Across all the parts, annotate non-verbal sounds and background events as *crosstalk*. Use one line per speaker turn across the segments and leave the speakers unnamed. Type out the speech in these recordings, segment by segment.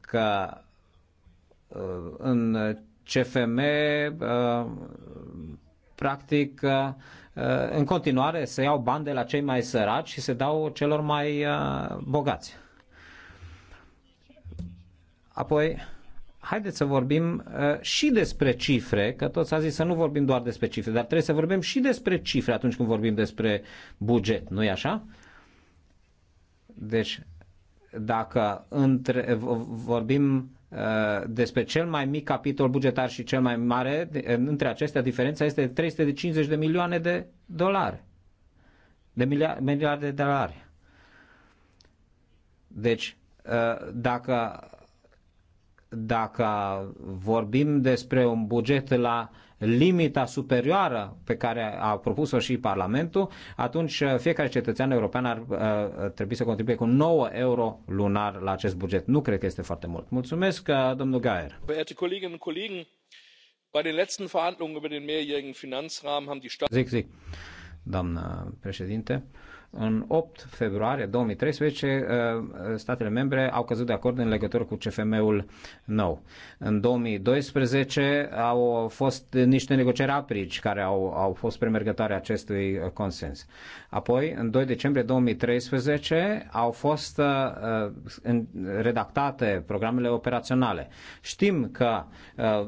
că în CFM practic în continuare se iau bani de la cei mai săraci și se dau celor mai uh, bogați. Apoi, haideți să vorbim uh, și despre cifre, că toți a zis să nu vorbim doar despre cifre, dar trebuie să vorbim și despre cifre atunci când vorbim despre buget, nu-i așa? Deci, dacă între, vorbim uh, despre cel mai mic capitol bugetar și cel mai mare, între acestea diferența este de 350 de milioane de dolari. De miliarde de dolari. Deci, uh, dacă, dacă vorbim despre un buget la limita superioară pe care a propus-o și Parlamentul, atunci uh, fiecare cetățean european ar uh, trebui să contribuie cu 9 euro lunar la acest buget. Nu cred că este foarte mult. Mulțumesc, uh, domnul Gaier.
Bei den den
Doamnă președinte, în 8 februarie 2013, uh, statele membre au căzut de acord în legătură cu CFM-ul nou. În 2012 au fost niște negocieri aprici care au, au fost premergătoare acestui consens. Apoi, în 2 decembrie 2013, au fost uh, redactate programele operaționale. Știm că uh,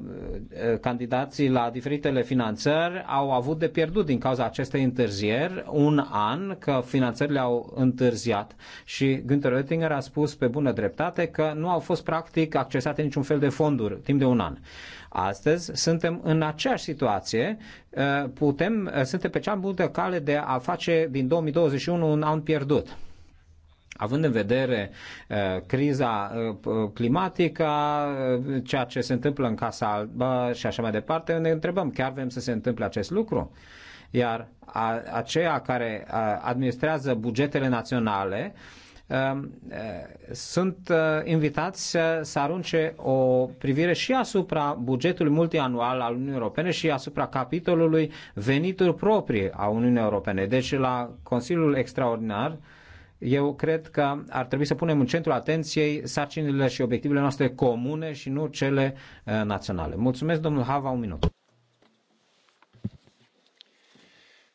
candidații la diferitele finanțări au avut de pierdut din cauza acestei întârzieri un an, că finanțările au întârziat și Günther Oettinger a spus pe bună dreptate că nu au fost practic accesate niciun fel de fonduri timp de un an. Astăzi suntem în aceeași situație, uh, putem, uh, suntem pe cea bună cale de a face din 2021 un an pierdut având în vedere uh, criza uh, uh, climatică, uh, ceea ce se întâmplă în Casa Albă și așa mai departe, ne întrebăm, chiar vrem să se întâmple acest lucru? Uh, iar a, aceia care administrează bugetele naționale um, sunt uh, invitați să, să arunce o privire și asupra bugetului multianual al Uniunii Europene și asupra capitolului venituri proprii a Uniunii Europene. Deci la Consiliul Extraordinar eu cred că ar trebui să punem în centrul atenției sarcinile și obiectivele noastre comune și nu cele uh, naționale. Mulțumesc, domnul Hava, un minut.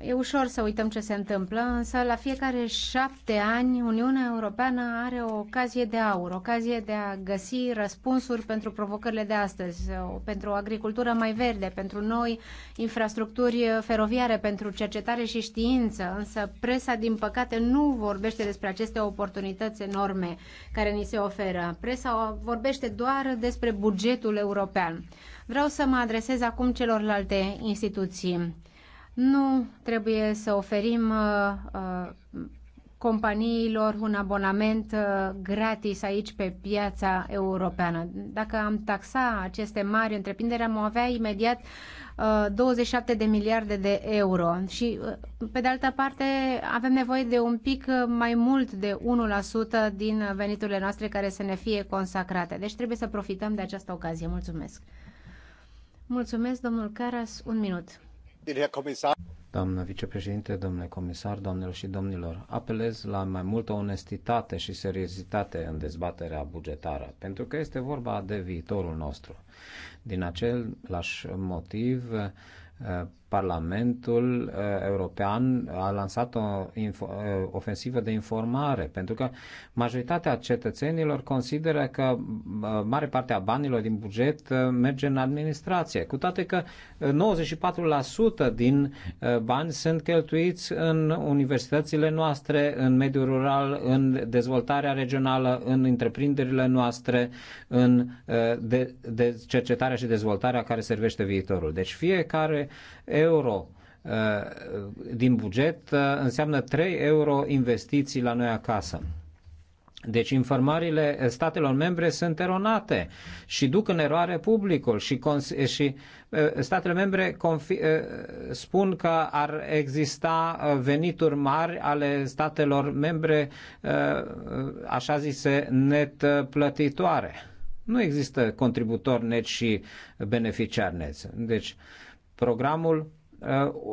e ușor să uităm ce se întâmplă, însă la fiecare șapte ani Uniunea Europeană are o ocazie de aur, ocazie de a găsi răspunsuri pentru provocările de astăzi, pentru o agricultură mai verde, pentru noi infrastructuri feroviare, pentru cercetare și știință, însă presa, din păcate, nu vorbește despre aceste oportunități enorme care ni se oferă. Presa vorbește doar despre bugetul european. Vreau să mă adresez acum celorlalte instituții nu trebuie să oferim uh, uh companiilor un abonament uh, gratis aici pe piața europeană. Dacă am taxa aceste mari întreprinderi, am avea imediat 27 uh, de miliarde de euro și pe de altă parte avem nevoie de un pic mai mult de 1% din veniturile noastre care să ne fie consacrate. Deci trebuie să profităm de această ocazie. Mulțumesc! Mulțumesc, domnul Caras. Un minut.
Doamnă vicepreședinte, domnule comisar, doamnelor și domnilor, apelez la mai multă onestitate și seriozitate în dezbaterea bugetară, pentru că este vorba de viitorul nostru. Din același motiv, Parlamentul uh, European a lansat o uh, ofensivă de informare, pentru că majoritatea cetățenilor consideră că uh, mare parte a banilor din buget merge în administrație, cu toate că 94% din bani sunt cheltuiți în universitățile noastre, în mediul rural, în dezvoltarea regională, în întreprinderile noastre, în de, de cercetarea și dezvoltarea care servește viitorul. Deci fiecare euro uh, din buget uh, înseamnă 3 euro investiții la noi acasă. Deci informările statelor membre sunt eronate și duc în eroare publicul și, și uh, statele membre spun că ar exista venituri mari ale statelor membre așa zise net plătitoare. Nu există contributor net și beneficiar net. Deci Programul uh,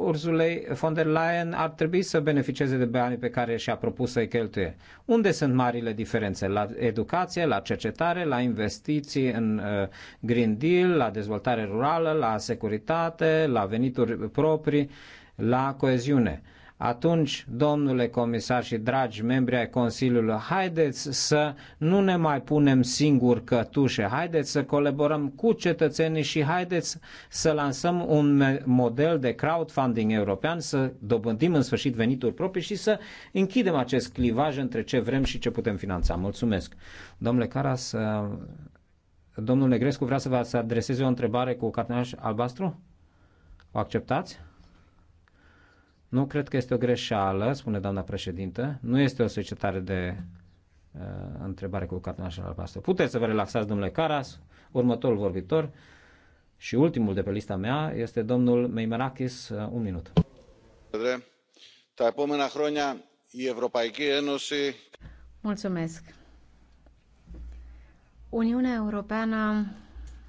Urzulei von der Leyen ar trebui să beneficieze de banii pe care și-a propus să-i cheltuie. Unde sunt marile diferențe? La educație, la cercetare, la investiții în uh, Green Deal, la dezvoltare rurală, la securitate, la venituri proprii, la coeziune. Uh, atunci, domnule comisar și dragi membri ai Consiliului, haideți să nu ne mai punem singuri cătușe, haideți să colaborăm cu cetățenii și haideți să lansăm un model de crowdfunding european, să dobândim în sfârșit venituri proprii și să închidem acest clivaj între ce vrem și ce putem finanța. Mulțumesc. Domnule Caras, domnul Negrescu vrea să vă adreseze o întrebare cu cartonaș albastru? O acceptați? Nu cred că este o greșeală, spune doamna președintă, nu este o solicitare de uh, întrebare cu națională albastru. Puteți să vă relaxați, domnule Caras, următorul vorbitor și ultimul de pe lista mea este domnul Meimerakis, uh, un minut.
Mulțumesc. Uniunea Europeană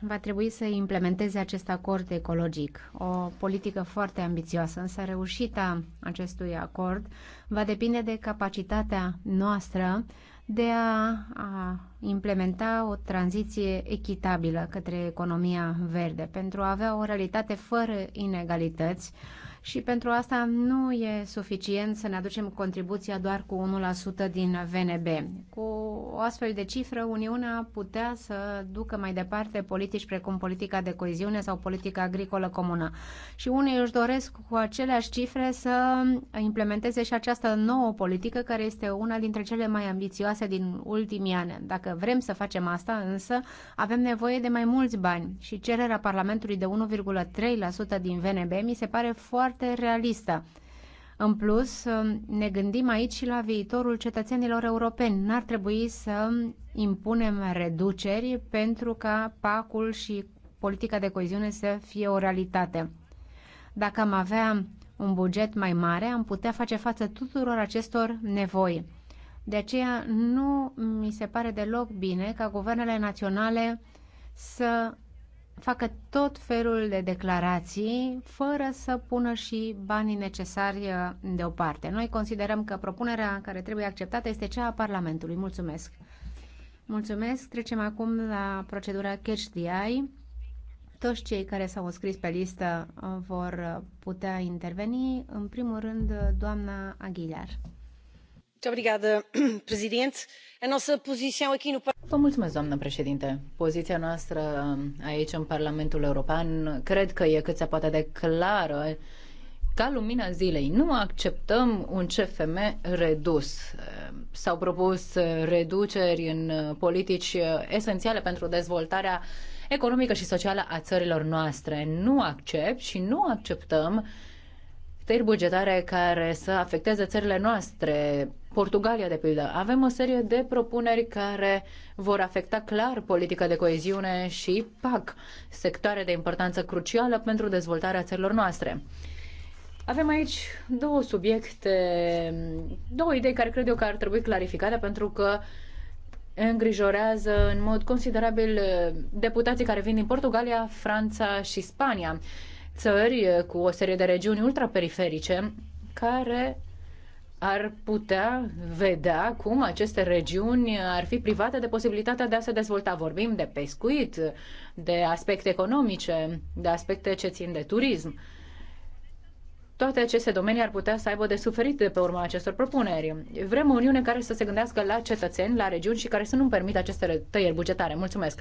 va trebui să implementeze acest acord ecologic. O politică foarte ambițioasă, însă reușita acestui acord va depinde de capacitatea noastră de a, a implementa o tranziție echitabilă către economia verde, pentru a avea o realitate fără inegalități, uh, și pentru asta nu e suficient să ne aducem contribuția doar cu 1% din VNB. Cu o astfel de cifră, Uniunea putea să ducă mai departe politici precum politica de coeziune sau politica agricolă comună. Și unii își doresc cu aceleași cifre să implementeze și această nouă politică care este una dintre cele mai ambițioase din ultimii ani. Dacă vrem să facem asta, însă, avem nevoie de mai mulți bani și cererea Parlamentului de 1,3% din VNB mi se pare foarte foarte realistă. În plus, um, ne gândim aici și la viitorul cetățenilor europeni. N-ar trebui să impunem reduceri pentru ca pacul și politica de coeziune să fie o realitate. Dacă am avea un buget mai mare, am putea face față tuturor acestor nevoi. De aceea nu mi se pare deloc bine ca guvernele naționale să facă tot felul de declarații fără să pună și banii necesari uh, deoparte. Noi considerăm că propunerea care trebuie acceptată este cea a Parlamentului. Mulțumesc! Mulțumesc! Trecem acum la procedura Catch the Eye. Toți cei care s-au înscris pe listă uh, vor uh, putea interveni. În primul rând, doamna Aguilar.
Muito obrigada, *clears throat* Presidente. A nossa posição aqui no Vă mulțumesc, doamnă președinte. Poziția noastră aici în Parlamentul European cred că e cât se poate de clară ca lumina zilei. Nu acceptăm un CFM redus. S-au propus reduceri în politici esențiale pentru dezvoltarea economică și socială a țărilor noastre. Nu accept și nu acceptăm uh, tăieri bugetare care să afecteze țările noastre, Portugalia, de pildă. Avem o serie de propuneri care vor afecta clar politica de coeziune și PAC, sectoare de importanță crucială pentru dezvoltarea țărilor noastre. Avem aici două subiecte, două idei care cred eu că ar trebui clarificate pentru că îngrijorează în mod considerabil deputații care vin din Portugalia, Franța și Spania țări cu o serie de regiuni ultraperiferice care ar putea vedea cum aceste regiuni ar fi private de posibilitatea de a se dezvolta. Vorbim de pescuit, de aspecte economice, de aspecte ce țin de turism. Toate aceste domenii ar putea să aibă de suferit de pe urma acestor propuneri. Vrem o Uniune care să se gândească la cetățeni, la regiuni și care să nu permită aceste tăieri bugetare. Mulțumesc!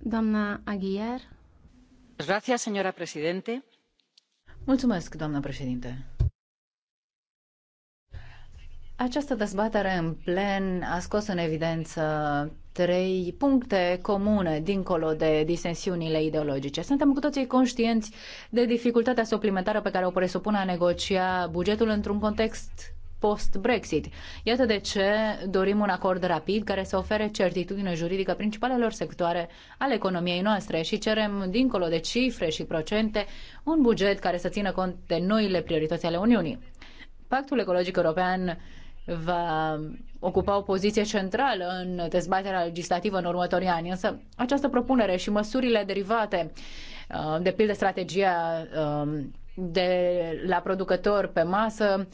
doamnă Aguilar. Mulțumesc,
președinte. Această dezbatere în plen a scos în evidență trei puncte comune dincolo de disensiunile ideologice. Suntem cu toții conștienți de dificultatea suplimentară pe care o presupune a negocia bugetul într-un context post-Brexit. Iată de ce dorim un acord rapid care să ofere certitudine juridică principalelor sectoare ale economiei noastre și cerem, dincolo de cifre și procente, un buget care să țină cont de noile priorități ale Uniunii. Pactul Ecologic European va ocupa o poziție centrală în dezbaterea legislativă în următorii ani, însă această propunere și măsurile derivate, uh, de pildă strategia uh, de la producător pe masă,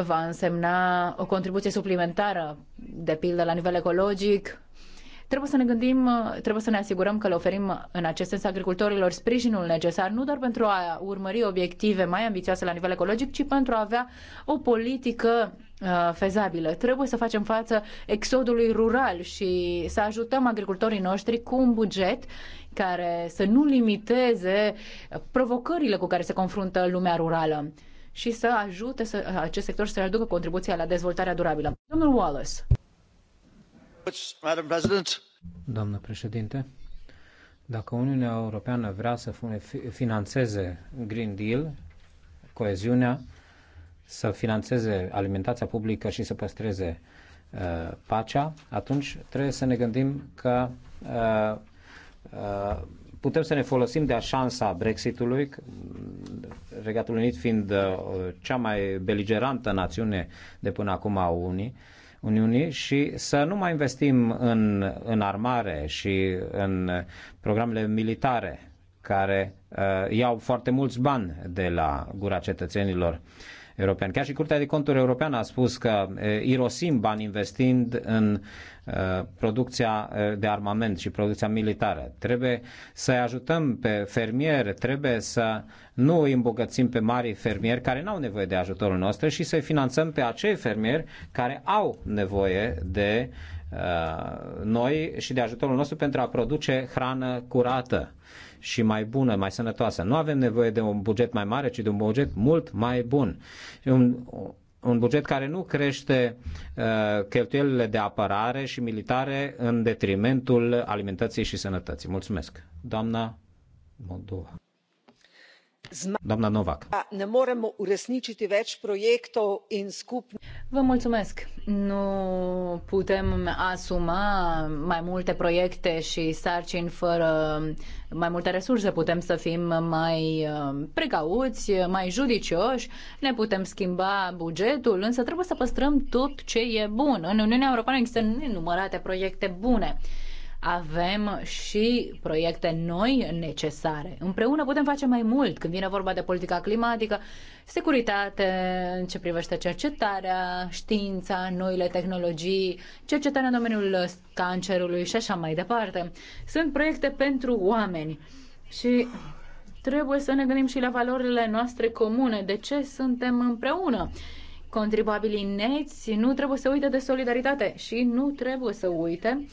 va însemna o contribuție suplimentară, de pildă la nivel ecologic. Trebuie să ne gândim, trebuie să ne asigurăm că le oferim în acest sens agricultorilor sprijinul necesar, nu doar pentru a urmări obiective mai ambițioase la nivel ecologic, ci pentru a avea o politică uh, fezabilă. Trebuie să facem față exodului rural și să ajutăm agricultorii noștri cu un buget care să nu limiteze provocările cu care se confruntă lumea rurală și să ajute să, acest sector să aducă contribuția la dezvoltarea durabilă. Domnul Wallace.
Doamnă președinte, dacă Uniunea Europeană vrea să financeze Green Deal, coeziunea, să financeze alimentația publică și să păstreze uh, pacea, atunci trebuie să ne gândim că uh, uh, putem să ne folosim de a șansa Brexitului, Regatul Unit fiind uh, cea mai beligerantă națiune de până acum a Unii, Uniunii și să nu mai investim în, în armare și în programele militare care uh, iau foarte mulți bani de la gura cetățenilor europeni. Chiar și Curtea de Conturi Europeană a spus că uh, irosim bani investind în Uh, producția uh, de armament și producția militară. Trebuie să-i ajutăm pe fermieri, trebuie să nu îi îmbogățim pe mari fermieri care nu au nevoie de ajutorul nostru și să-i finanțăm pe acei fermieri care au nevoie de uh, noi și de ajutorul nostru pentru a produce hrană curată și mai bună, mai sănătoasă. Nu avem nevoie de un buget mai mare, ci de un buget mult mai bun. Un, un buget care nu crește uh, cheltuielile de apărare și militare în detrimentul alimentației și sănătății. Mulțumesc. Doamna Moldova. Doamna Novak.
Da, ne moremo uresničiti več projektov in Vă mulțumesc.
Nu putem asuma mai multe proiecte și sarcini fără mai multe resurse. Putem să fim mai uh, precauți, mai judicioși, ne putem schimba bugetul, însă trebuie să păstrăm tot ce e bun. În Uniunea Europeană există nenumărate proiecte bune avem și proiecte noi necesare. Împreună putem face mai mult când vine vorba de politica climatică, securitate, în ce privește cercetarea, știința, noile tehnologii, cercetarea în domeniul cancerului și așa mai departe. Sunt proiecte pentru oameni și trebuie să ne gândim și la valorile noastre comune, de ce suntem împreună. Contribuabilii neți nu trebuie să uite de solidaritate și nu trebuie să uite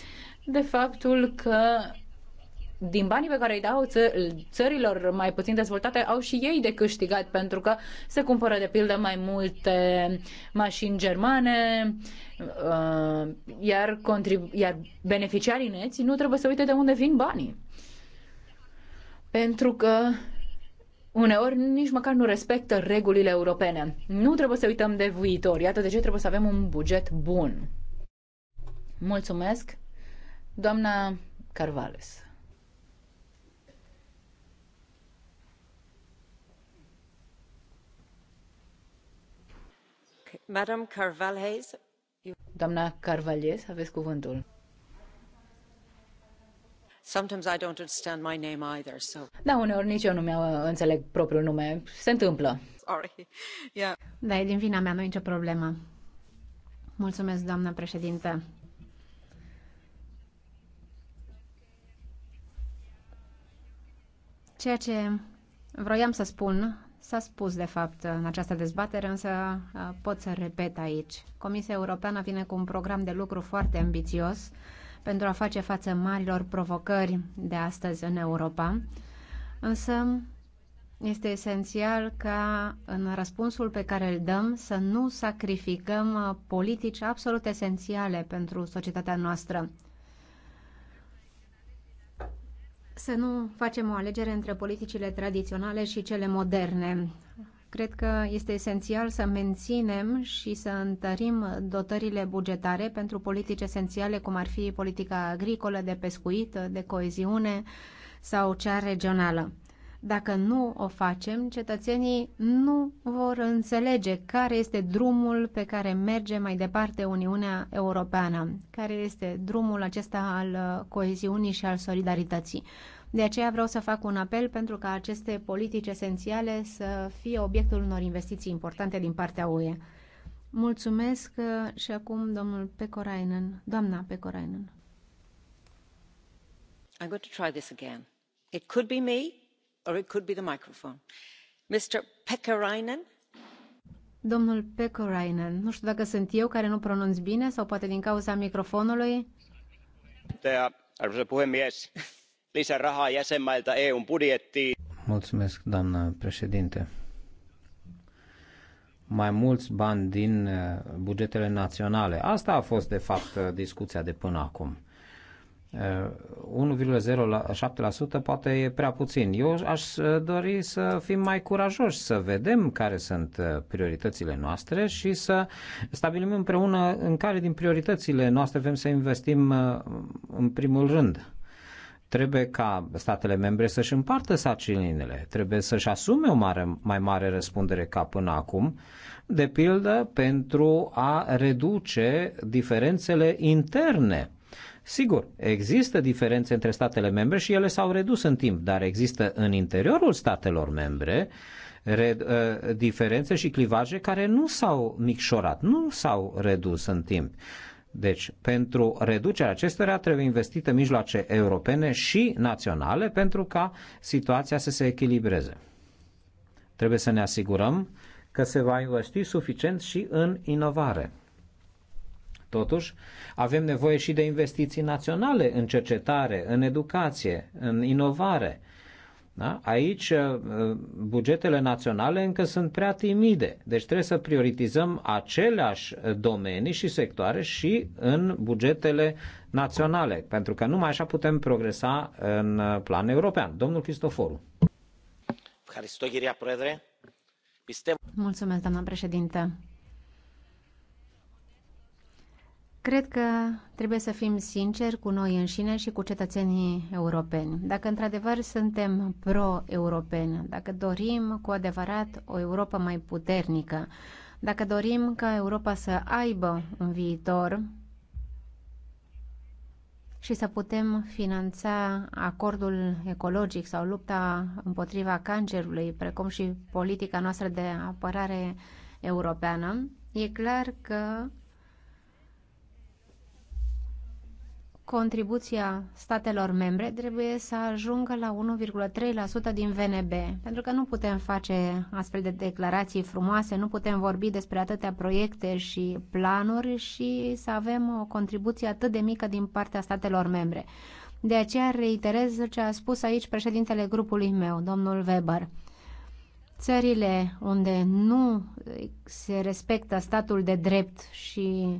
de faptul că din banii pe care îi dau ță țărilor mai puțin dezvoltate, au și ei de câștigat, pentru că se cumpără, de pildă, mai multe mașini germane, uh, iar, iar beneficiarii neți nu trebuie să uite de unde vin banii. Pentru că uneori nici măcar nu respectă regulile europene. Nu trebuie să uităm de viitor. Iată de ce trebuie să avem un buget bun. Mulțumesc! Doamna Carvales.
Madam Carvalhez, you...
Doamna Carvalhez, aveți cuvântul.
Sometimes I don't understand my name either, so.
Da, uneori nici eu nu mi-am uh, înțeleg propriul nume. Se întâmplă.
Sorry. Yeah.
Da, e din vina mea, nu e nicio problemă. Mulțumesc, doamnă președintă. Ceea ce vroiam să spun s-a spus, de fapt, în această dezbatere, însă pot să repet aici. Comisia Europeană vine cu un program de lucru foarte ambițios pentru a face față marilor provocări de astăzi în Europa, însă este esențial ca în răspunsul pe care îl dăm să nu sacrificăm politici absolut esențiale pentru societatea noastră. să nu facem o alegere între politicile tradiționale și cele moderne. Cred că este esențial să menținem și să întărim dotările bugetare pentru politici esențiale, cum ar fi politica agricolă, de pescuit, de coeziune sau cea regională. Dacă nu o facem, cetățenii nu vor înțelege care este drumul pe care merge mai departe Uniunea Europeană, care este drumul acesta al uh, coeziunii și al solidarității. De aceea vreau să fac un apel pentru ca aceste politici esențiale să fie obiectul unor investiții importante din partea UE. Mulțumesc uh, și acum domnul Pecorainen, doamna Pecorainen. I'm going to try this again. It could be me, Domnul Pekorainen, nu știu dacă sunt eu care nu pronunț bine sau poate din cauza microfonului.
Arvoisa puhemies, lisärahaa jäsenmailta EUn budjettiin. Mulțumesc, doamnă președinte. Mai mulți bani din eh, bugetele naționale. Asta a fost, de fapt, eh, discuția de până acum 1,07% poate e prea puțin. Eu aș dori să fim mai curajoși, să vedem care sunt uh, prioritățile noastre și să stabilim împreună în care din prioritățile noastre vrem să investim uh, în primul rând. Trebuie ca statele membre să-și împartă sarcinile, trebuie să-și asume o mare, mai mare răspundere ca până acum, de pildă pentru a reduce diferențele interne Sigur, există diferențe între statele membre și ele s-au redus în timp, dar există în interiorul statelor membre ă, diferențe și clivaje care nu s-au micșorat, nu s-au redus în timp. Deci, pentru reducerea acestora trebuie investite mijloace europene și naționale pentru ca situația să se echilibreze. Trebuie să ne asigurăm că se va investi suficient și în inovare. Totuși, avem nevoie și de investiții naționale în cercetare, în educație, în inovare. Da? Aici uh, bugetele naționale încă sunt prea timide, deci trebuie să prioritizăm aceleași domenii și sectoare și în bugetele naționale, pentru că numai așa putem progresa în uh, plan european. Domnul Cristoforu.
Mulțumesc, doamna președinte. Cred că trebuie să fim sinceri cu noi înșine și cu cetățenii europeni. Dacă într-adevăr suntem pro-europeni, dacă dorim cu adevărat o Europa mai puternică, dacă dorim ca Europa să aibă un viitor și să putem finanța acordul ecologic sau lupta împotriva cancerului, precum și politica noastră de apărare europeană, e clar că contribuția statelor membre trebuie să ajungă la 1,3% din VNB, pentru că nu putem face astfel de declarații frumoase, nu putem vorbi despre atâtea proiecte și planuri și să avem o contribuție atât de mică din partea statelor membre. De aceea reiterez ce a spus aici președintele grupului meu, domnul Weber. Țările unde nu se respectă statul de drept și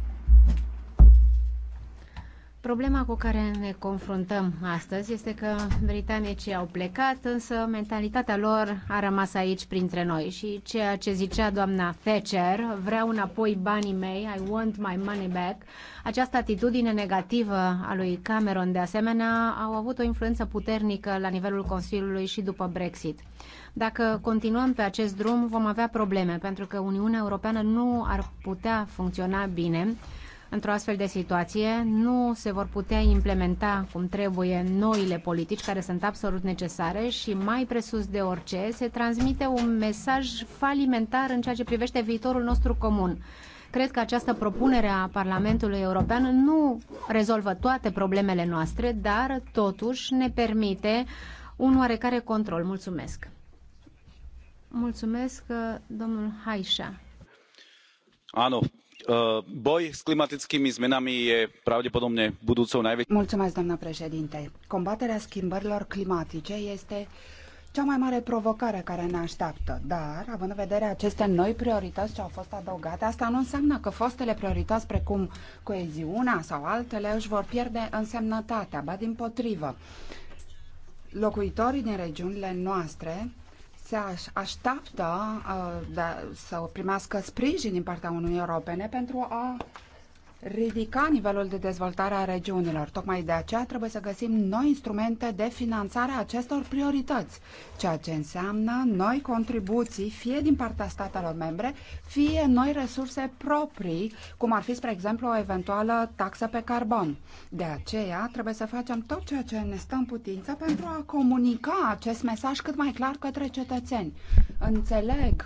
Problema cu care ne confruntăm astăzi este că britanicii au plecat, însă mentalitatea lor a rămas aici printre noi și ceea ce zicea doamna Thatcher, vreau înapoi banii mei, I want my money back, această atitudine negativă a lui Cameron de asemenea au avut o influență puternică la nivelul Consiliului și după Brexit. Dacă continuăm pe acest drum, vom avea probleme, pentru că Uniunea Europeană nu ar putea funcționa bine Într-o astfel de situație nu se vor putea implementa cum trebuie noile politici care sunt absolut necesare și mai presus de orice se transmite un mesaj falimentar în ceea ce privește viitorul nostru comun. Cred că această propunere a Parlamentului European nu rezolvă toate problemele noastre, dar totuși ne permite un oarecare control. Mulțumesc! Mulțumesc, domnul Haișa.
Ano, Ă,
doamnă președintă combaterea schimbărilor climatice este cea mai mare provocare care ne așteaptă, dar, având în vedere aceste noi priorități ce au fost adăugate, asta nu înseamnă că fostele priorități precum coeziunea sau altele își vor pierde însemnătatea, ba din potrivă. Locuitorii din regiunile noastre se așteaptă uh, de, să primească sprijin din partea Uniunii Europene pentru a ridica nivelul de dezvoltare a regiunilor. Tocmai de aceea trebuie să găsim noi instrumente de finanțare a acestor priorități, ceea ce înseamnă noi contribuții, fie din partea statelor membre, fie noi resurse proprii, cum ar fi, spre exemplu, o eventuală taxă pe carbon. De aceea trebuie să facem tot ceea ce ne stă în putință pentru a comunica acest mesaj cât mai clar către cetățeni. Înțeleg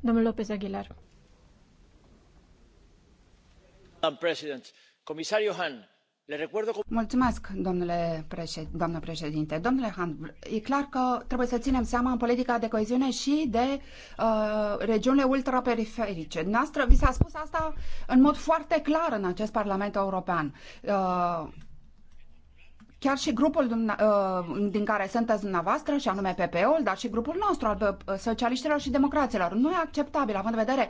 Domnul Lopez Aguilar.
doamnă președinte. Domnule hahn e clar că trebuie să ținem seama în politica de coeziune și de uh, regiunile ultraperiferice. Noastră, vi s-a spus asta în mod foarte clar în acest Parlament European. Uh, chiar și grupul uh, din care sunteți dumneavoastră, și anume PPE-ul, dar și grupul nostru al socialiștilor și democraților. Nu e acceptabil, având în vedere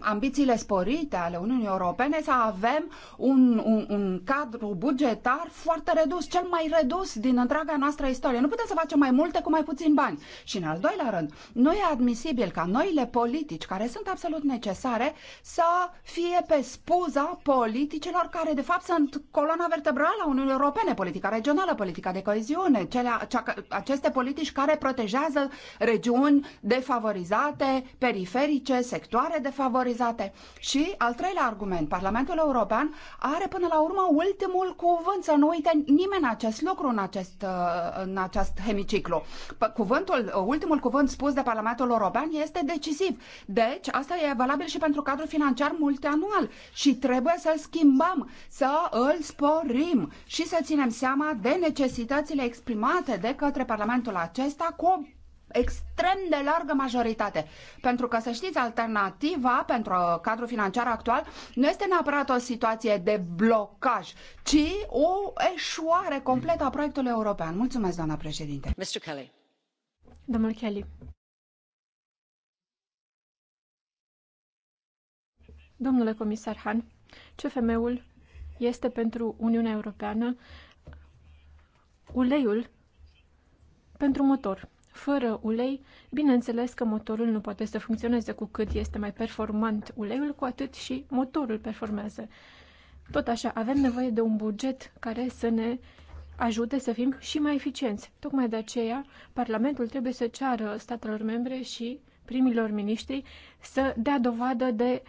ambițiile sporite ale Uniunii Europene, să avem un, un, un cadru bugetar foarte redus, cel mai redus din întreaga noastră istorie. Nu putem să facem mai multe cu mai puțin bani. Și în al doilea rând, nu e admisibil ca noile politici, care sunt absolut necesare, să fie pe spuza politicilor care, de fapt, sunt coloana vertebrală a Uniunii Europene, politica regională, politica de coeziune, cele, cea, aceste politici care protejează regiuni defavorizate, periferice, sectoare defavorizate. Și al treilea argument, Parlamentul European are până la urmă ultimul cuvânt, să nu uite nimeni acest lucru în acest, uh, în acest hemiciclu. Cuvântul, uh, ultimul cuvânt spus de Parlamentul European este decisiv. Deci, asta e valabil și pentru cadrul financiar multianual și trebuie să-l schimbăm, să îl sporim și să ținem seama seama de necesitățile exprimate de către Parlamentul acesta cu o extrem de largă majoritate. Pentru că, să știți, alternativa pentru cadrul financiar actual nu este neapărat o situație de blocaj, ci o eșuare completă a proiectului european. Mulțumesc, doamna președinte. Mr. Kelly.
Domnul Kelly. Domnule comisar Han, CFM-ul este pentru Uniunea Europeană uleiul pentru motor. Fără ulei, bineînțeles că motorul nu poate să funcționeze cu cât este mai performant uleiul, cu atât și motorul performează. Tot așa, avem nevoie de un buget care să ne ajute să fim și mai eficienți. Tocmai de aceea, Parlamentul trebuie să ceară statelor membre și primilor miniștri să dea dovadă de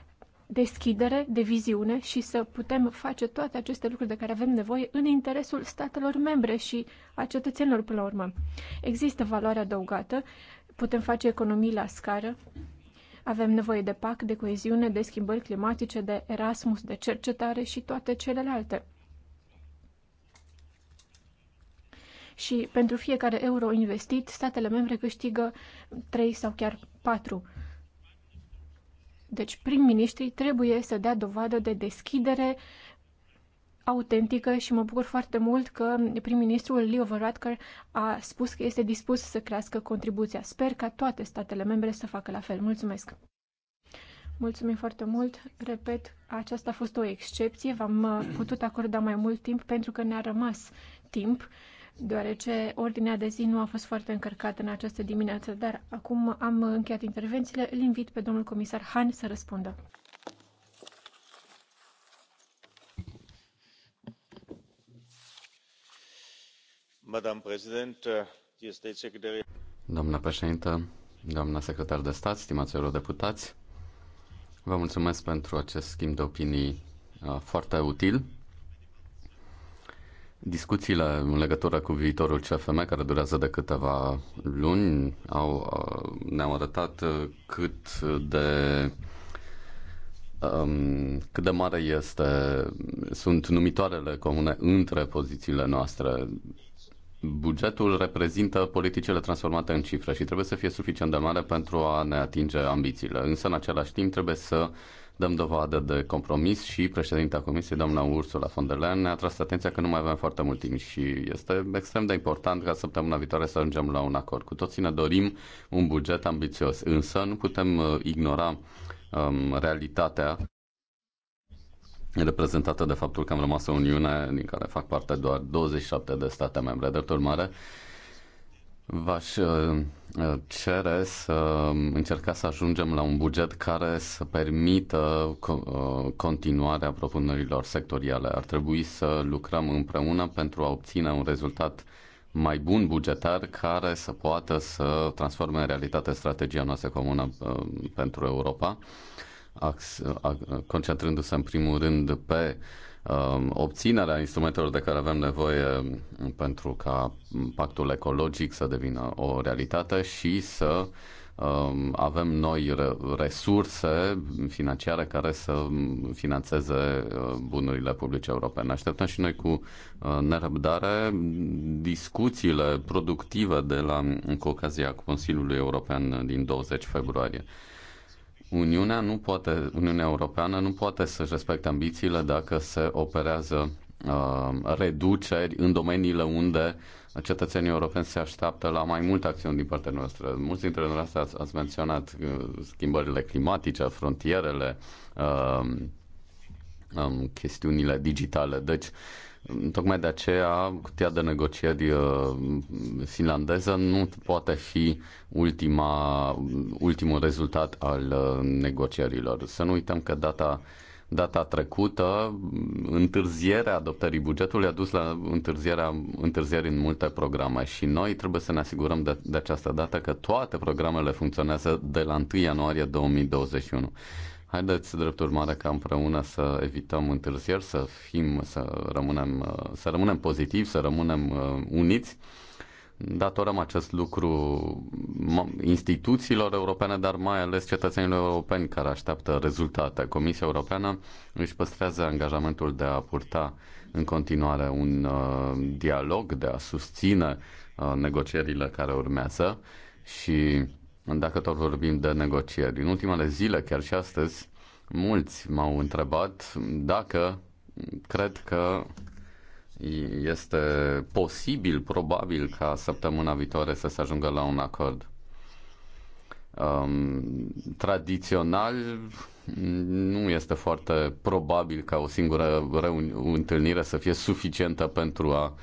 deschidere, de viziune și să putem face toate aceste lucruri de care avem nevoie în interesul statelor membre și a cetățenilor până la urmă. Există valoare adăugată, putem face economii la scară, avem nevoie de PAC, de coeziune, de schimbări climatice, de Erasmus, de cercetare și toate celelalte. Și pentru fiecare euro investit, statele membre câștigă 3 sau chiar 4 deci prim-ministrii trebuie să dea dovadă de deschidere autentică și mă bucur foarte mult că prim-ministrul Leo Varadkar a spus că este dispus să crească contribuția. Sper ca toate statele membre să facă la fel. Mulțumesc! Mulțumim foarte mult. Repet, aceasta a fost o excepție. V-am uh, putut acorda mai mult timp pentru că ne-a rămas timp deoarece ordinea de zi nu a fost foarte încărcată în această dimineață, dar acum am încheiat intervențiile. Îl invit pe domnul comisar Han să răspundă.
Doamna președintă, doamna secretar de stat, stimați eurodeputați, vă mulțumesc pentru acest schimb de opinii uh, foarte util Discuțiile în legătură cu viitorul CFM, care durează de câteva luni, au, uh, ne-au arătat uh, cât de um, cât de mare este, sunt numitoarele comune între pozițiile noastre. Bugetul reprezintă politicile transformate în cifre și trebuie să fie suficient de mare pentru a ne atinge ambițiile. Însă, în același timp, trebuie să dăm dovadă de compromis și președinta Comisiei, doamna Ursula von der Leyen, ne-a tras atenția că nu mai avem foarte mult timp și este extrem de important ca săptămâna viitoare să ajungem la un acord. Cu toții ne dorim un buget ambițios, însă nu putem uh, ignora um, realitatea reprezentată de faptul că am rămas o Uniune din care fac parte doar 27 de state membre. Drept urmare, V-aș uh, uh, cere să um, încercați să ajungem la un buget care să permită uh, continuarea propunerilor sectoriale. Ar trebui să lucrăm împreună pentru a obține un rezultat mai bun bugetar care să poată să transforme în realitate strategia noastră comună pentru Europa, concentrându-se în primul rând pe Um, obținerea instrumentelor de care avem nevoie um, pentru ca pactul ecologic să devină o realitate și să um, avem noi resurse financiare care să financeze uh, bunurile publice europene. Așteptăm și noi cu uh, nerăbdare discuțiile productive de la, cu ocazia Consiliului European din 20 februarie. Uniunea, nu poate, Uniunea Europeană nu poate să respecte ambițiile dacă se operează uh, reduceri în domeniile unde cetățenii europeni se așteaptă la mai multe acțiuni din partea noastră. Mulți dintre noastre ați, ați menționat uh, schimbările climatice, frontierele, uh, um, chestiunile digitale. Deci, uh, Tocmai de aceea, cutia de negocieri uh, finlandeză nu poate fi ultima, ultimul rezultat al uh, negocierilor. Să nu uităm că data, data trecută, întârzierea adoptării bugetului a dus la întârzierea, întârzieri în multe programe și noi trebuie să ne asigurăm de, de această dată că toate programele funcționează de la 1 ianuarie 2021. Haideți, drept urmare, ca împreună să evităm întârzieri, să fim, să rămânem, să rămânem pozitivi, să rămânem uh, uniți. Datorăm acest lucru instituțiilor europene, dar mai ales cetățenilor europeni care așteaptă rezultate. Comisia Europeană își păstrează angajamentul de a purta în continuare un uh, dialog, de a susține uh, negocierile care urmează și dacă tot vorbim de negocieri. În ultimele zile, chiar și astăzi, mulți m-au întrebat dacă cred că este posibil, probabil, ca săptămâna viitoare să se ajungă la un acord. Um, tradițional, nu este foarte probabil ca o singură întâlnire să fie suficientă pentru a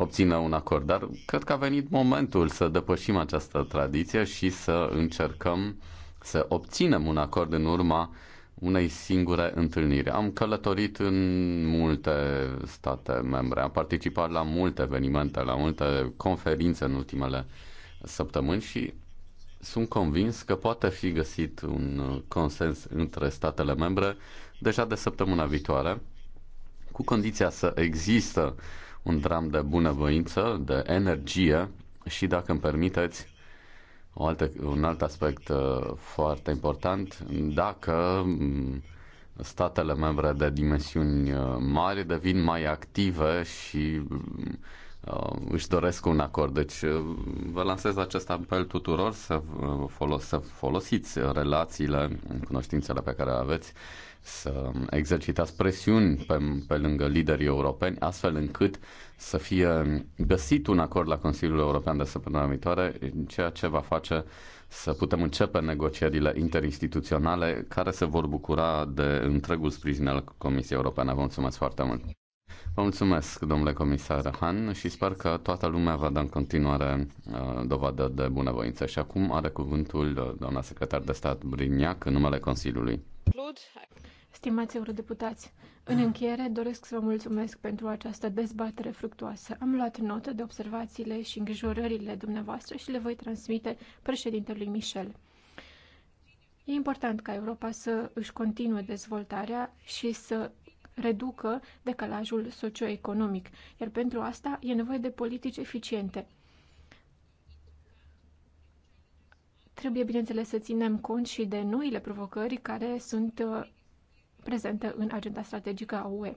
obține un acord. Dar cred că a venit momentul să depășim această tradiție și să încercăm să obținem un acord în urma unei singure întâlniri. Am călătorit în multe state membre, am participat la multe evenimente, la multe conferințe în ultimele săptămâni și sunt convins că poate fi găsit un consens între statele membre deja de săptămâna viitoare, cu condiția să există un dram de bunăvoință, de energie și, dacă îmi permiteți, o altă, un alt aspect uh, foarte important, dacă mm, statele membre de dimensiuni uh, mari devin mai active și mm, uh, își doresc un acord. Deci vă lansez acest apel tuturor să, folos- să folosiți relațiile, cunoștințele pe care le aveți să exercitați presiuni pe, pe lângă liderii europeni, astfel încât să fie găsit un acord la Consiliul European de săptămâna viitoare, ceea ce va face să putem începe negocierile interinstituționale care se vor bucura de întregul sprijin al Comisiei Europene. Vă mulțumesc foarte mult! Vă mulțumesc, domnule comisar Han, și sper că toată lumea va da în continuare uh, dovadă de bunăvoință. Și acum are cuvântul uh, doamna secretar de stat Brignac în numele Consiliului.
Stimați eurodeputați, în încheiere doresc să vă mulțumesc pentru această dezbatere fructuoasă. Am luat notă de observațiile și îngrijorările dumneavoastră și le voi transmite președintelui Michel. E important ca Europa să își continue dezvoltarea și să reducă decalajul socioeconomic, iar pentru asta e nevoie de politici eficiente. Trebuie, bineînțeles, să ținem cont și de noile provocări care sunt uh, prezentă în agenda strategică a UE.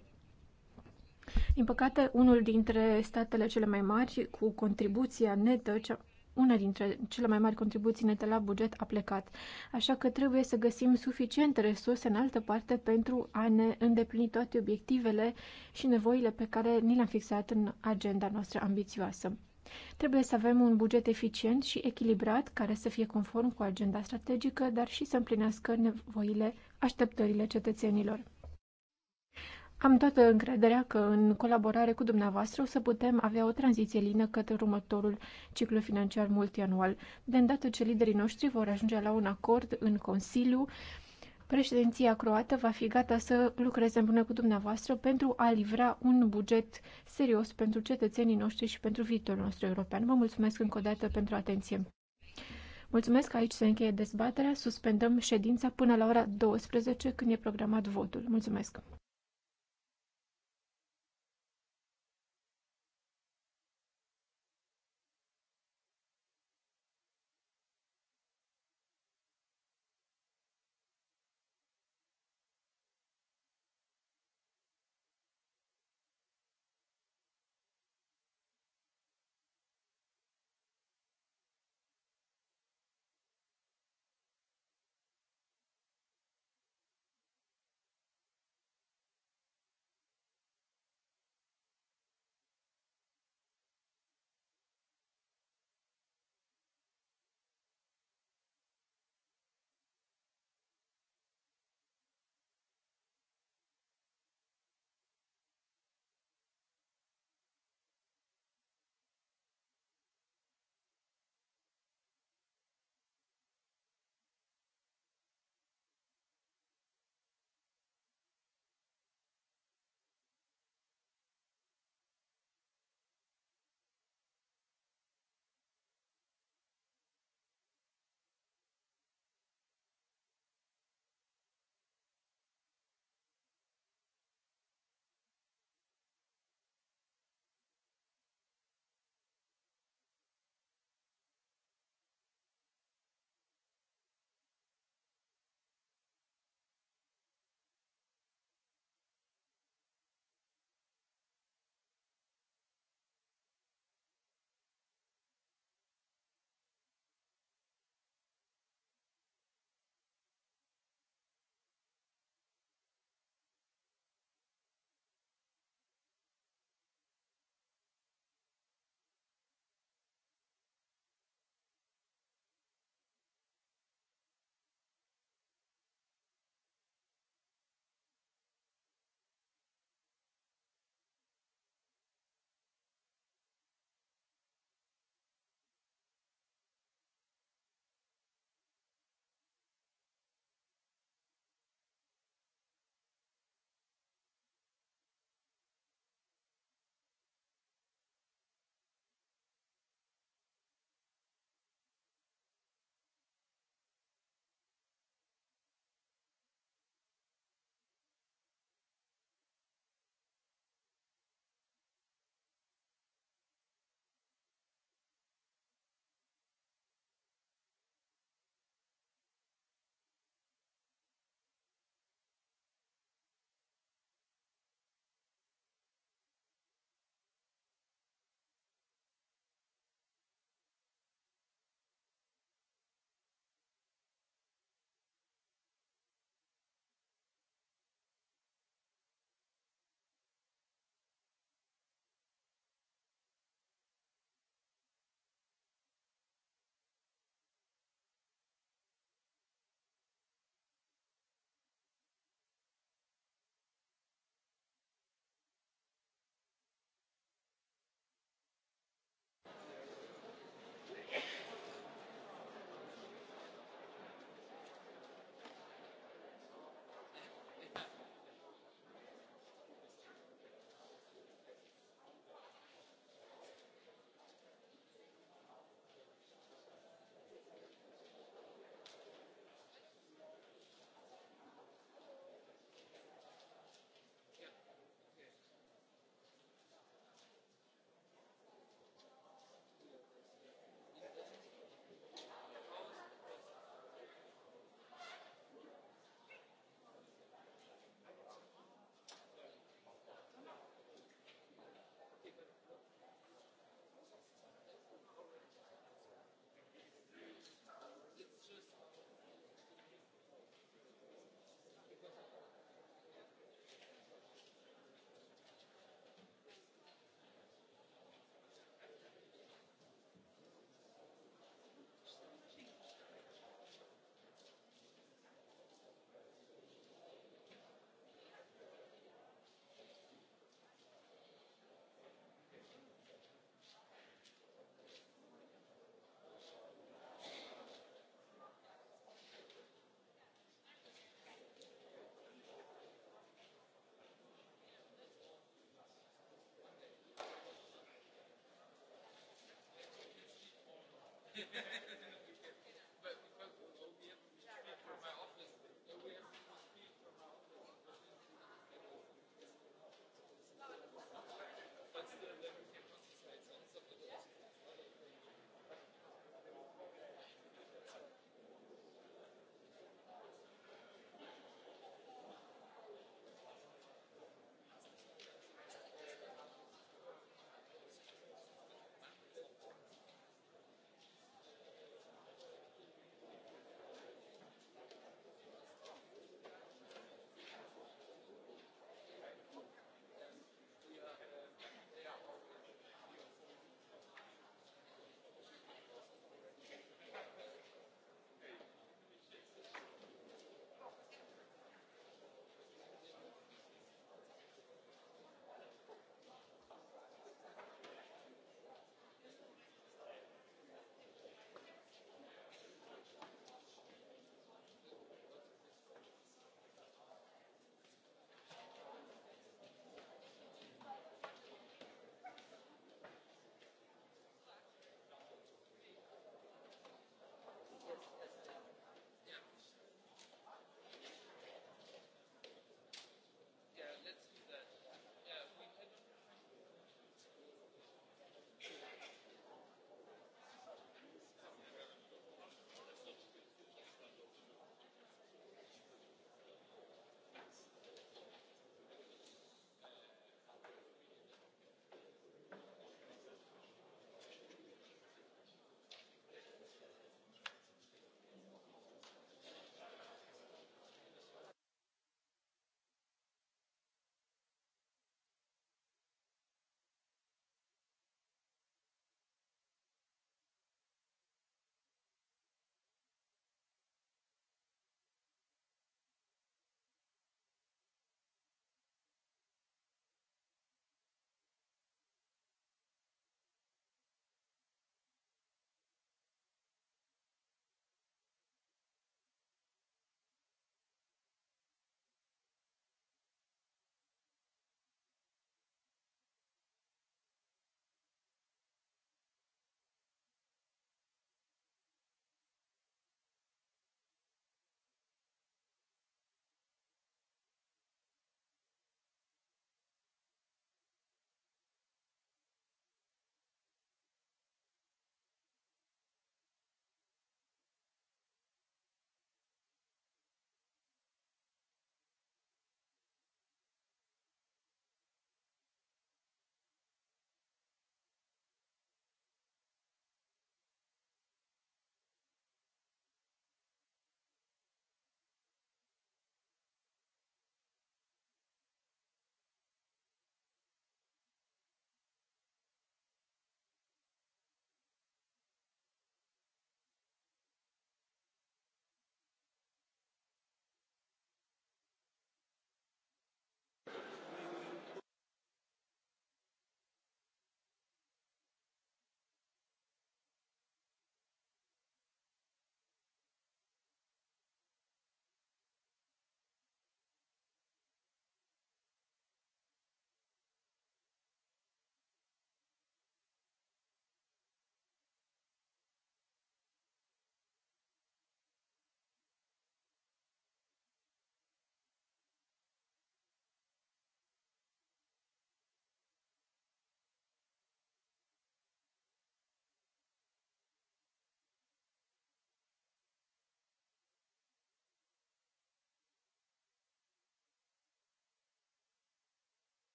Din păcate, unul dintre statele cele mai mari cu contribuția netă, cea, una dintre cele mai mari contribuții nete la buget a plecat, așa că trebuie să găsim suficiente resurse în altă parte pentru a ne îndeplini toate obiectivele și nevoile pe care ni le-am fixat în agenda noastră ambițioasă. Trebuie să avem un buget eficient și echilibrat, care să fie conform cu agenda strategică, dar și să împlinească nevoile, așteptările cetățenilor. Am toată încrederea că în colaborare cu dumneavoastră o să putem avea o tranziție lină către următorul ciclu financiar multianual. De îndată ce liderii noștri vor ajunge la un acord în Consiliu, uh, Președinția croată va fi gata să lucreze împreună cu dumneavoastră pentru a livra un buget serios pentru cetățenii noștri și pentru viitorul nostru european. Vă mulțumesc încă o dată pentru atenție. Mulțumesc, aici se încheie dezbaterea. Suspendăm ședința până la ora 12, când e programat votul. Mulțumesc!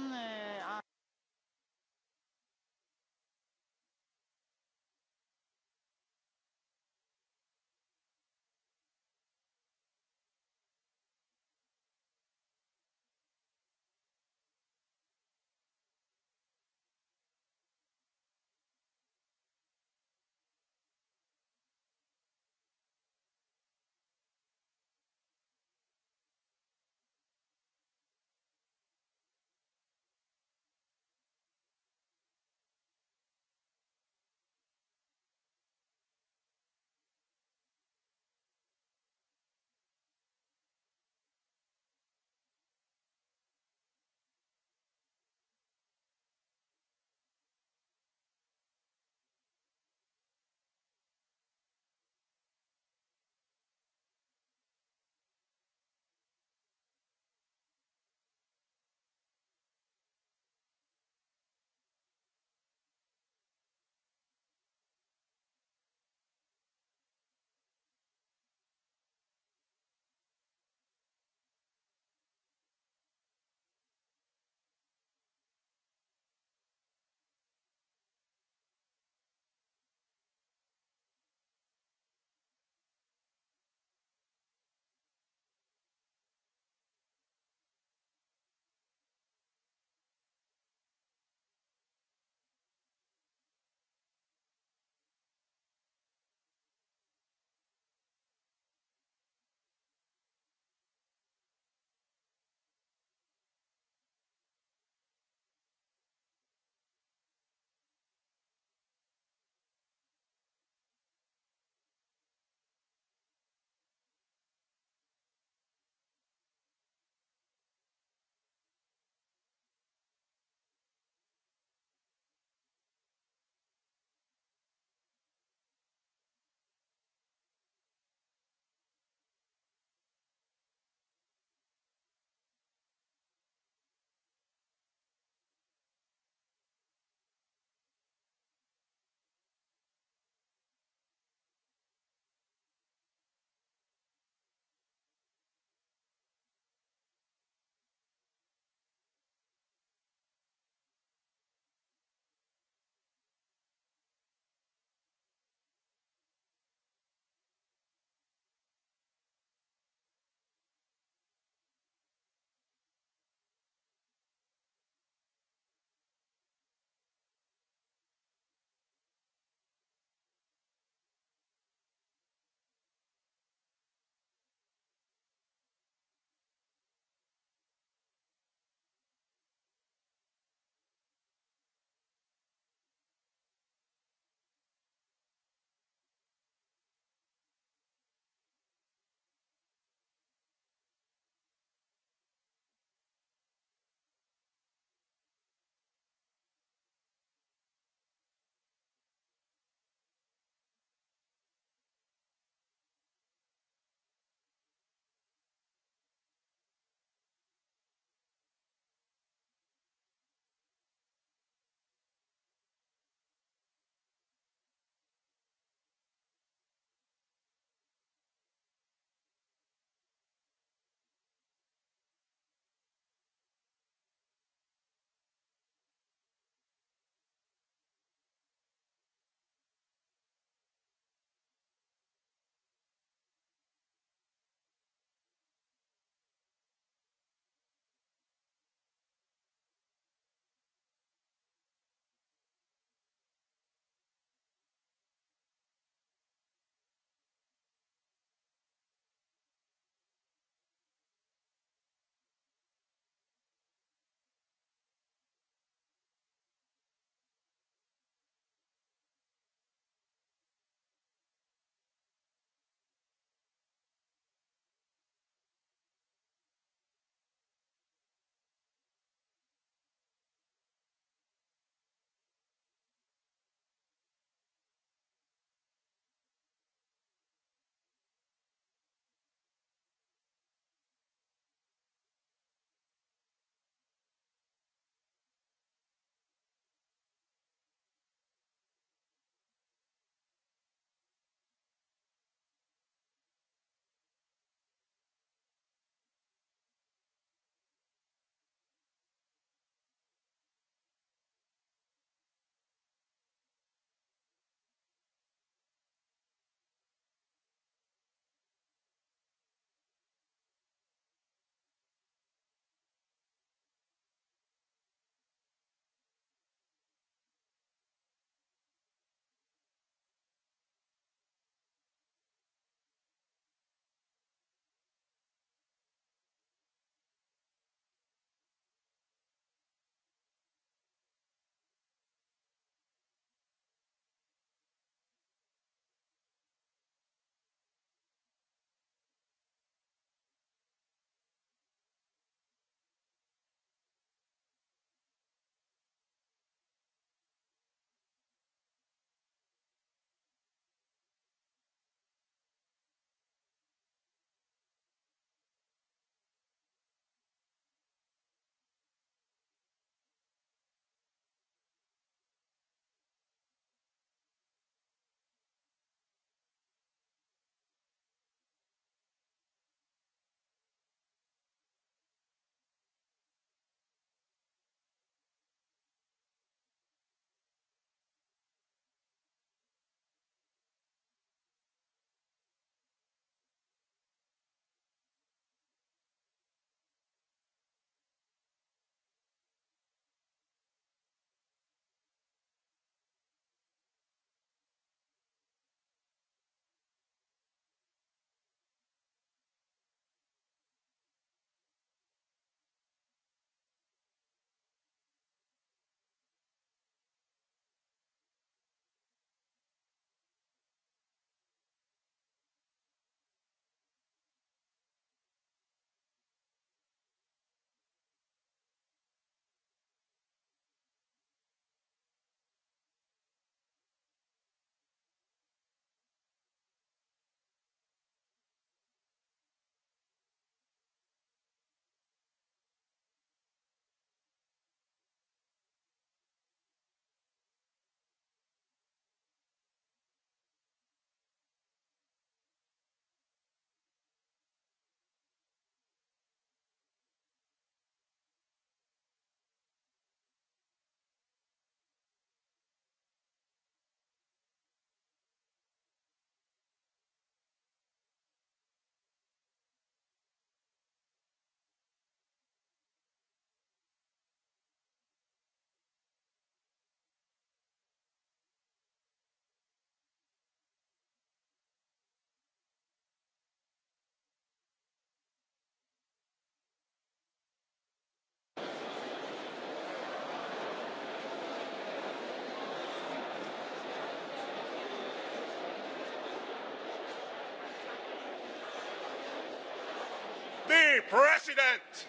spun
President!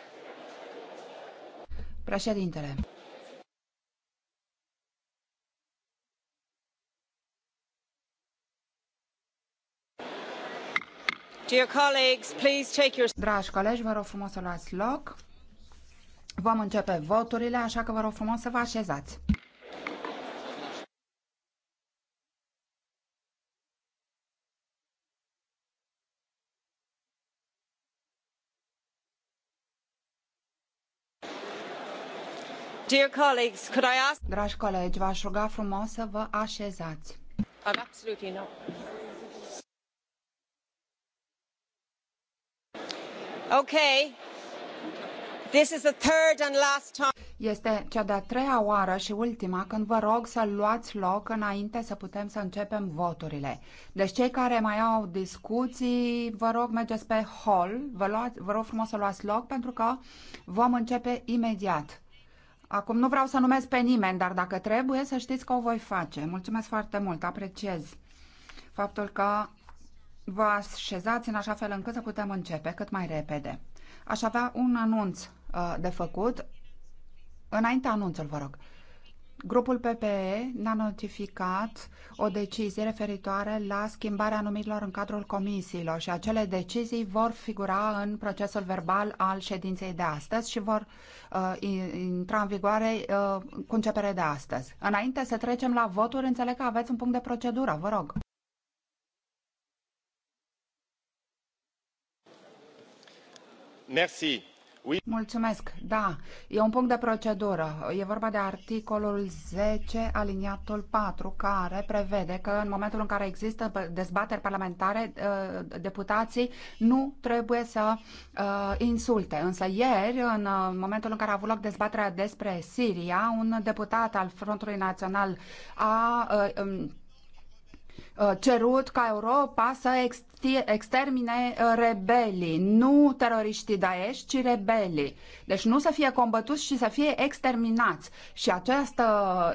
Președintele. Dear colleagues, please take your... Dragi colegi, vă rog frumos să luați loc. Vom începe voturile, așa că vă rog frumos să vă așezați. Dragi colegi, v-aș ruga frumos să vă așezați. Okay. This is the third and last time. Este cea de-a treia oară și ultima când vă rog să luați loc înainte să putem să începem voturile. Deci cei care mai au discuții, vă rog mergeți pe hall, vă, luați, vă rog frumos să luați loc pentru că vom începe imediat. Acum nu vreau să numesc pe nimeni, dar dacă trebuie, să știți că o voi face. Mulțumesc foarte mult, apreciez faptul că vă așezați în așa fel încât să putem începe cât mai repede. Aș avea un anunț uh, de făcut. Înainte anunțul, vă rog. Grupul PPE ne-a notificat o decizie referitoare la schimbarea numirilor în cadrul comisiilor și acele decizii vor figura în procesul verbal al ședinței de astăzi și vor uh, intra în vigoare uh, cu începere de astăzi. Înainte să trecem la voturi, înțeleg că aveți un punct de procedură, vă rog. Merci. Mulțumesc. Da, e un punct de procedură. E vorba de articolul 10, aliniatul 4, care prevede că în momentul în care există dezbateri parlamentare, uh, deputații nu trebuie să uh, insulte. Însă ieri, în uh, momentul în care a avut loc dezbaterea despre Siria, un deputat al Frontului Național a um, Uh, cerut ca Europa să extermine uh, rebelii, nu teroriștii Daesh, ci rebelii. Deci nu să fie combătuți și să fie exterminați. Și această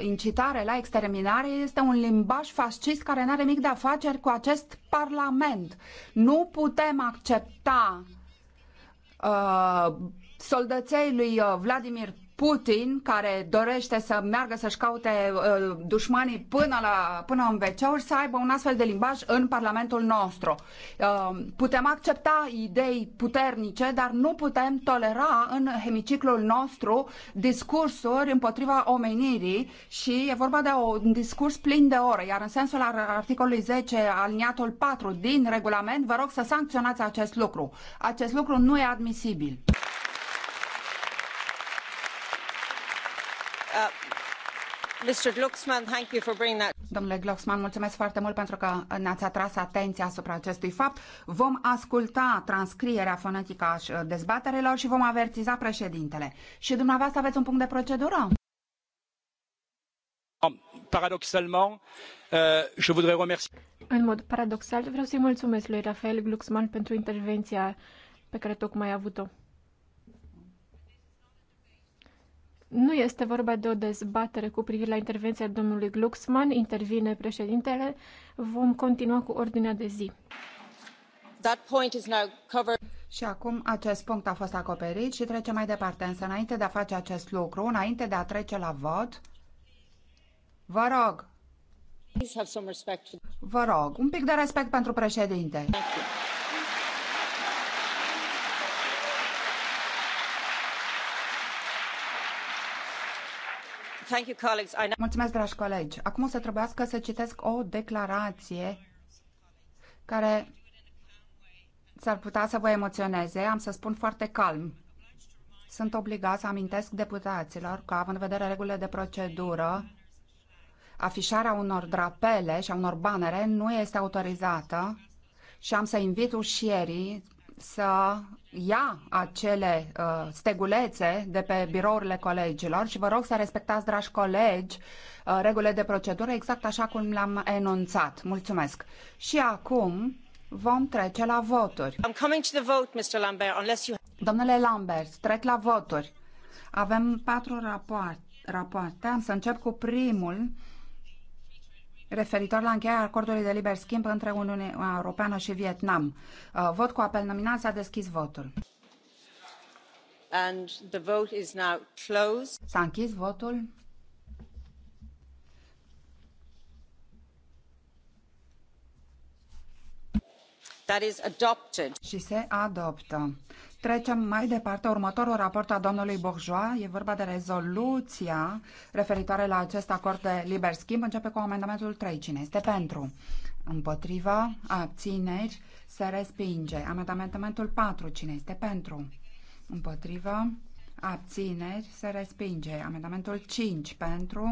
incitare la exterminare este un limbaj fascist care nu are mic de a face cu acest parlament. Nu putem accepta uh, soldăței lui uh, Vladimir Putin, care dorește să meargă să-și caute uh, dușmanii până, la, până în wc să aibă un astfel de limbaj în Parlamentul nostru. Uh, putem accepta idei puternice, dar nu putem tolera în hemiciclul nostru discursuri împotriva omenirii și e vorba de un discurs plin de ore, iar în sensul articolului 10, aliniatul 4 din regulament, vă rog să sancționați acest lucru. Acest lucru nu e admisibil. Domnule Glucksmann, mulțumesc foarte mult pentru că ne-ați atras atenția asupra acestui fapt. Vom asculta transcrierea fonetică a uh, dezbaterilor și vom avertiza președintele. Și dumneavoastră aveți un punct de procedură?
Um, paradoxalement, uh, je voudrais remercier...
În mod paradoxal, vreau să-i mulțumesc lui Rafael Glucksmann pentru intervenția pe care tocmai a avut-o. Nu este vorba de o dezbatere cu privire la intervenția domnului Glucksmann, intervine președintele. Vom continua cu ordinea de zi.
That point is now covered. Și acum acest punct a fost acoperit și trecem mai departe. Însă înainte de a face acest lucru, înainte de a trece la vot, vă rog, vă rog, un pic de respect pentru președinte. Thank you. Mulțumesc, dragi colegi. Acum o să trebuiască să citesc o declarație care s-ar putea să vă emoționeze. Am să spun foarte calm. Sunt obligat să amintesc deputaților că, având în vedere regulile de procedură, afișarea unor drapele și a unor banere nu este autorizată și am să invit ușierii să ia acele uh, stegulețe de pe birourile colegilor și vă rog să respectați, dragi colegi, uh, regulile de procedură exact așa cum le-am enunțat. Mulțumesc. Și acum vom trece la voturi.
I'm coming to the vote, Mr. Lambert, unless you...
Domnule Lambert, trec la voturi. Avem patru rapoarte. rapoarte. Am să încep cu primul referitor la încheierea acordului de liber schimb între Uniunea Europeană și Vietnam. Uh, vot cu apel nominal s-a deschis votul.
And the vote is now closed.
S-a închis votul.
That is adopted.
Și se adoptă. Trecem mai departe. Următorul raport a domnului Bourgeois e vorba de rezoluția referitoare la acest acord de liber schimb. Începe cu amendamentul 3. Cine este pentru? Împotriva? Abțineri? Se respinge. Amendamentul 4. Cine este pentru? Împotriva? Abțineri? Se respinge. Amendamentul 5. Pentru?